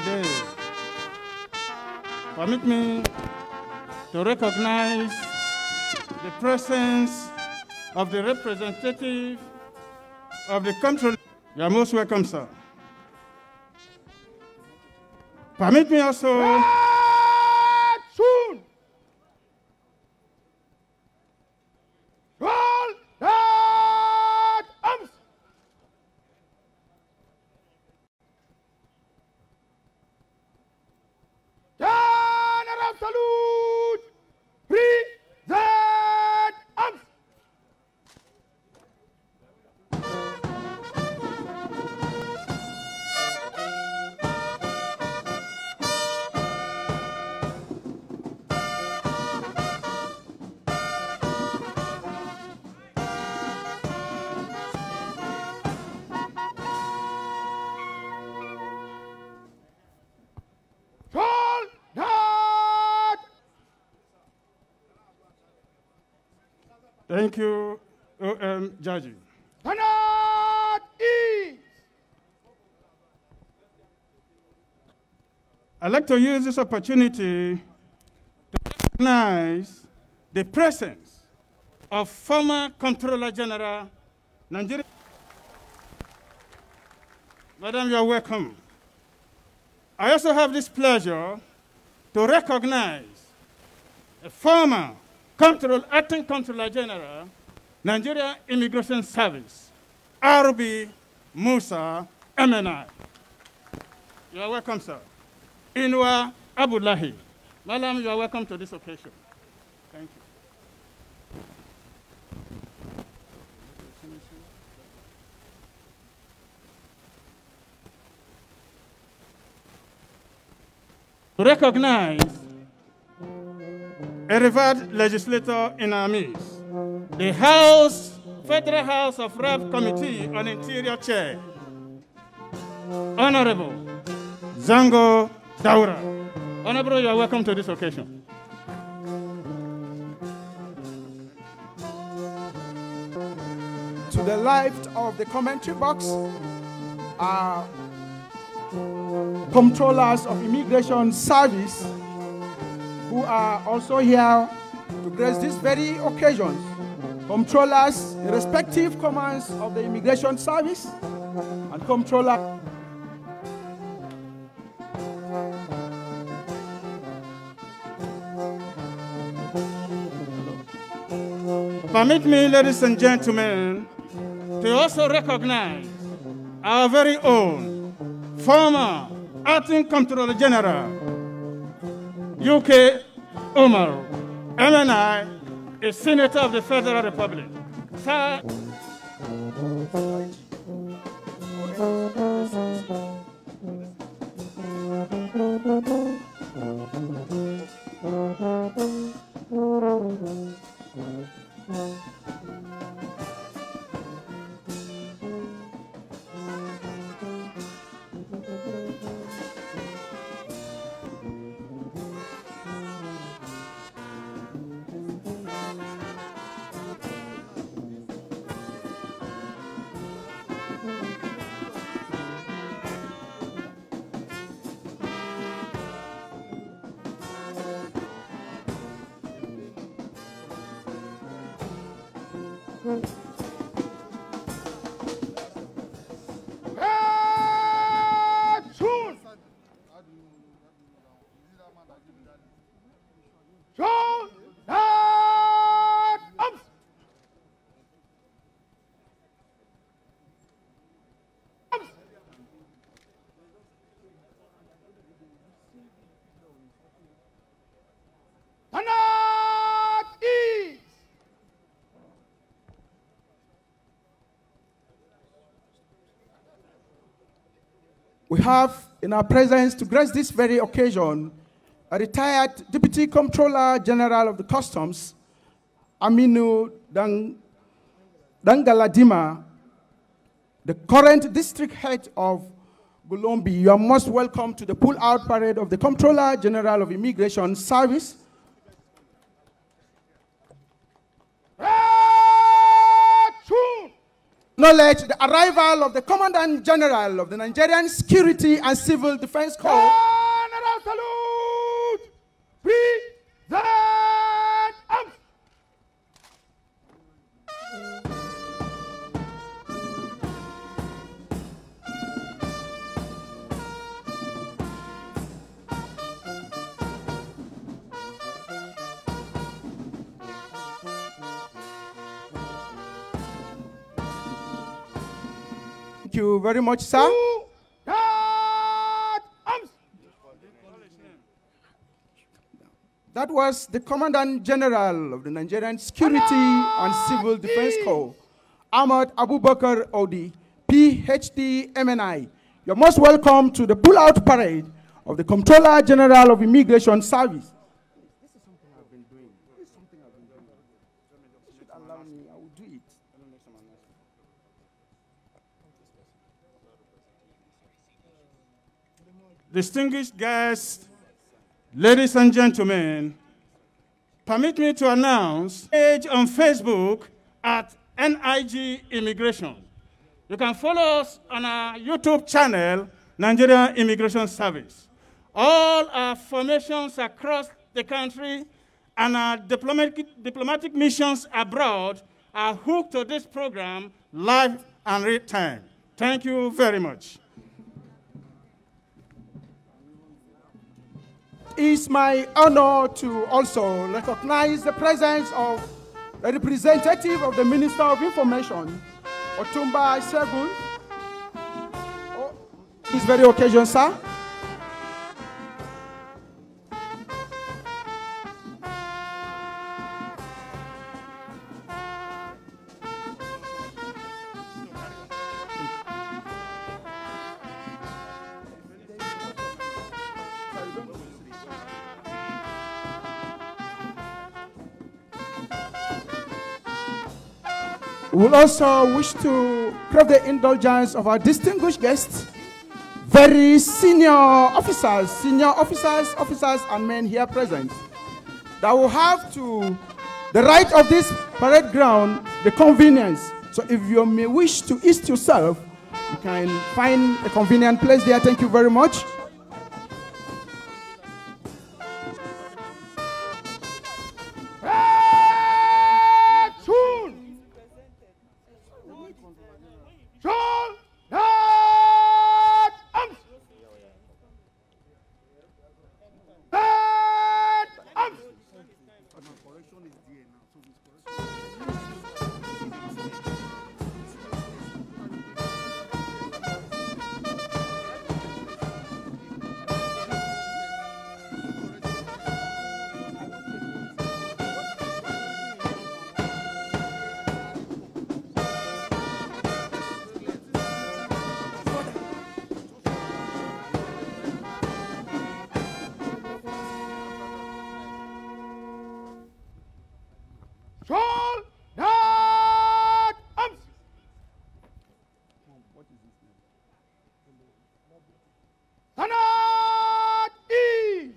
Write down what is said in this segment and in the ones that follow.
day. Permit me to recognize the presence of the representative of the country. You are most welcome, sir. Permit me also. Thank you, O.M. Jaji. East! I'd like to use this opportunity to recognize the presence of former Controller General Nigeria. Madam, you are welcome. I also have this pleasure to recognize a former Control, Acting Controller General, Nigeria Immigration Service, RB Musa MNI. You are welcome, sir. Inwa Abdullahi. Madam, you are welcome to this occasion. Thank you. recognize a revered legislator in our midst, the House, Federal House of Rep Committee on Interior Chair, Honorable Zango Daura. Honorable, you are welcome to this occasion. To the left of the commentary box are controllers of immigration service who are also here to grace this very occasion, controllers, respective commands of the Immigration Service and controller. Permit me, ladies and gentlemen, to also recognize our very own former Acting Comptroller General, UK Umaru. MNI, is Senator of the Federal Republic. Sir, Mm-hmm. We have in our presence to grace this very occasion a retired Deputy Comptroller General of the Customs, Aminu Dang Dangaladima, the current district head of Gulombi. You are most welcome to the pull-out parade of the Comptroller General of Immigration Service acknowledge the arrival of the Commandant General of the Nigerian Security and Civil Defense Corps. you very much, sir. That was the Commandant General of the Nigerian Security and Civil Defense Corps, Ahmad Abubakar Odi, PhD, MNI. You're most welcome to the pull-out parade of the Comptroller General of Immigration Service. This is something I've been doing. This is something I've been doing. You should allow me. I will do it. distinguished guests, ladies and gentlemen, permit me to announce page on Facebook at NIG Immigration. You can follow us on our YouTube channel, Nigerian Immigration Service. All our formations across the country and our diplomatic, diplomatic missions abroad are hooked to this program live and real time. Thank you very much. is my honor to also recognize the presence of a representative of the Minister of Information, Otumba Segun. Oh, this very occasion, sir. would also wish to crave the indulgence of our distinguished guests, very senior officers, senior officers, officers and men here present, that will have to the right of this parade ground, the convenience. So if you may wish to east yourself, you can find a convenient place there. Thank you very much.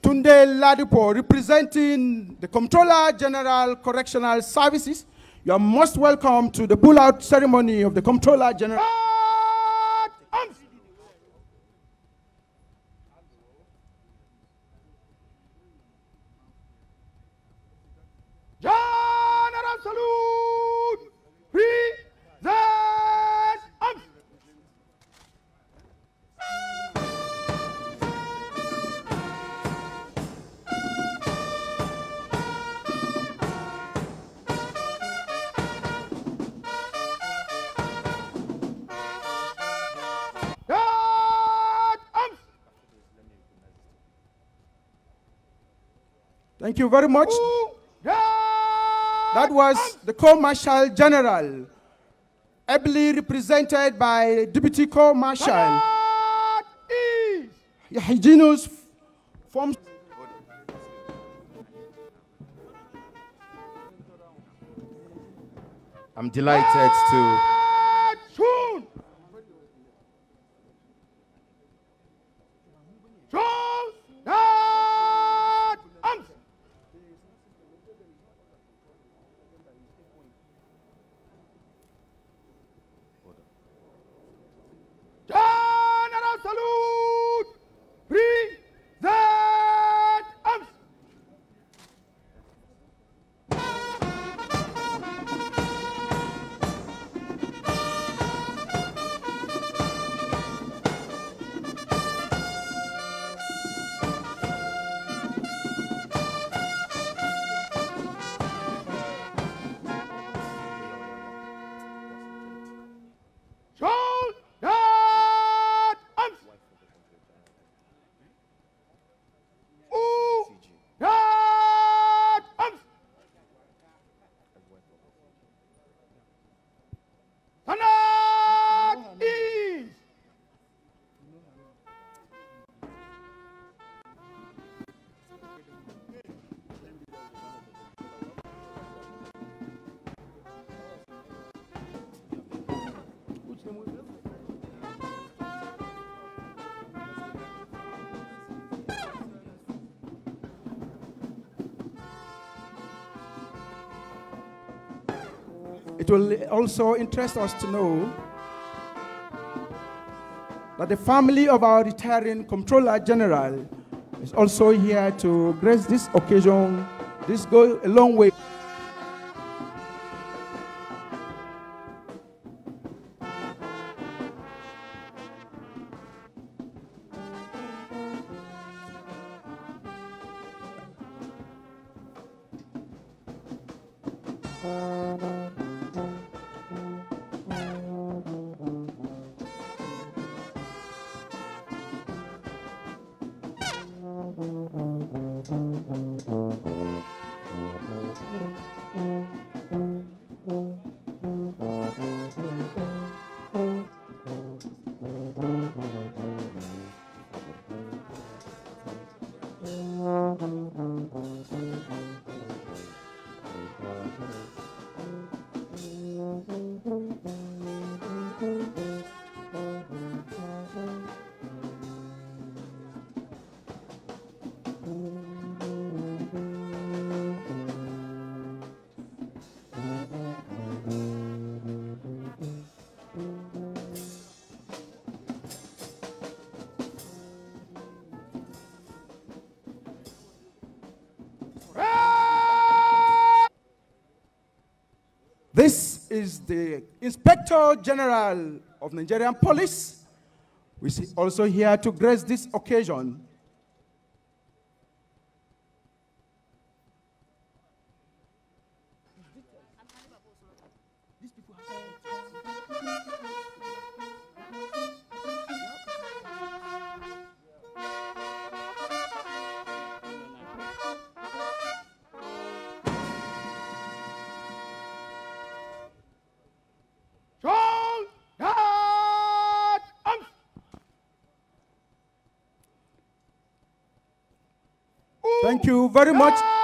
Tunde Ladipo, representing the Comptroller General Correctional Services, you are most welcome to the pull-out ceremony of the Comptroller General. Ah! Thank you very much. That was the Co-Marshal General, ably represented by Deputy Co-Marshal. Hygienus From I'm delighted to It will also interest us to know that the family of our retiring Comptroller General is also here to grace this occasion. This goes a long way. Thank Thank you. is the Inspector General of Nigerian Police. We see also here to grace this occasion Thank you very much.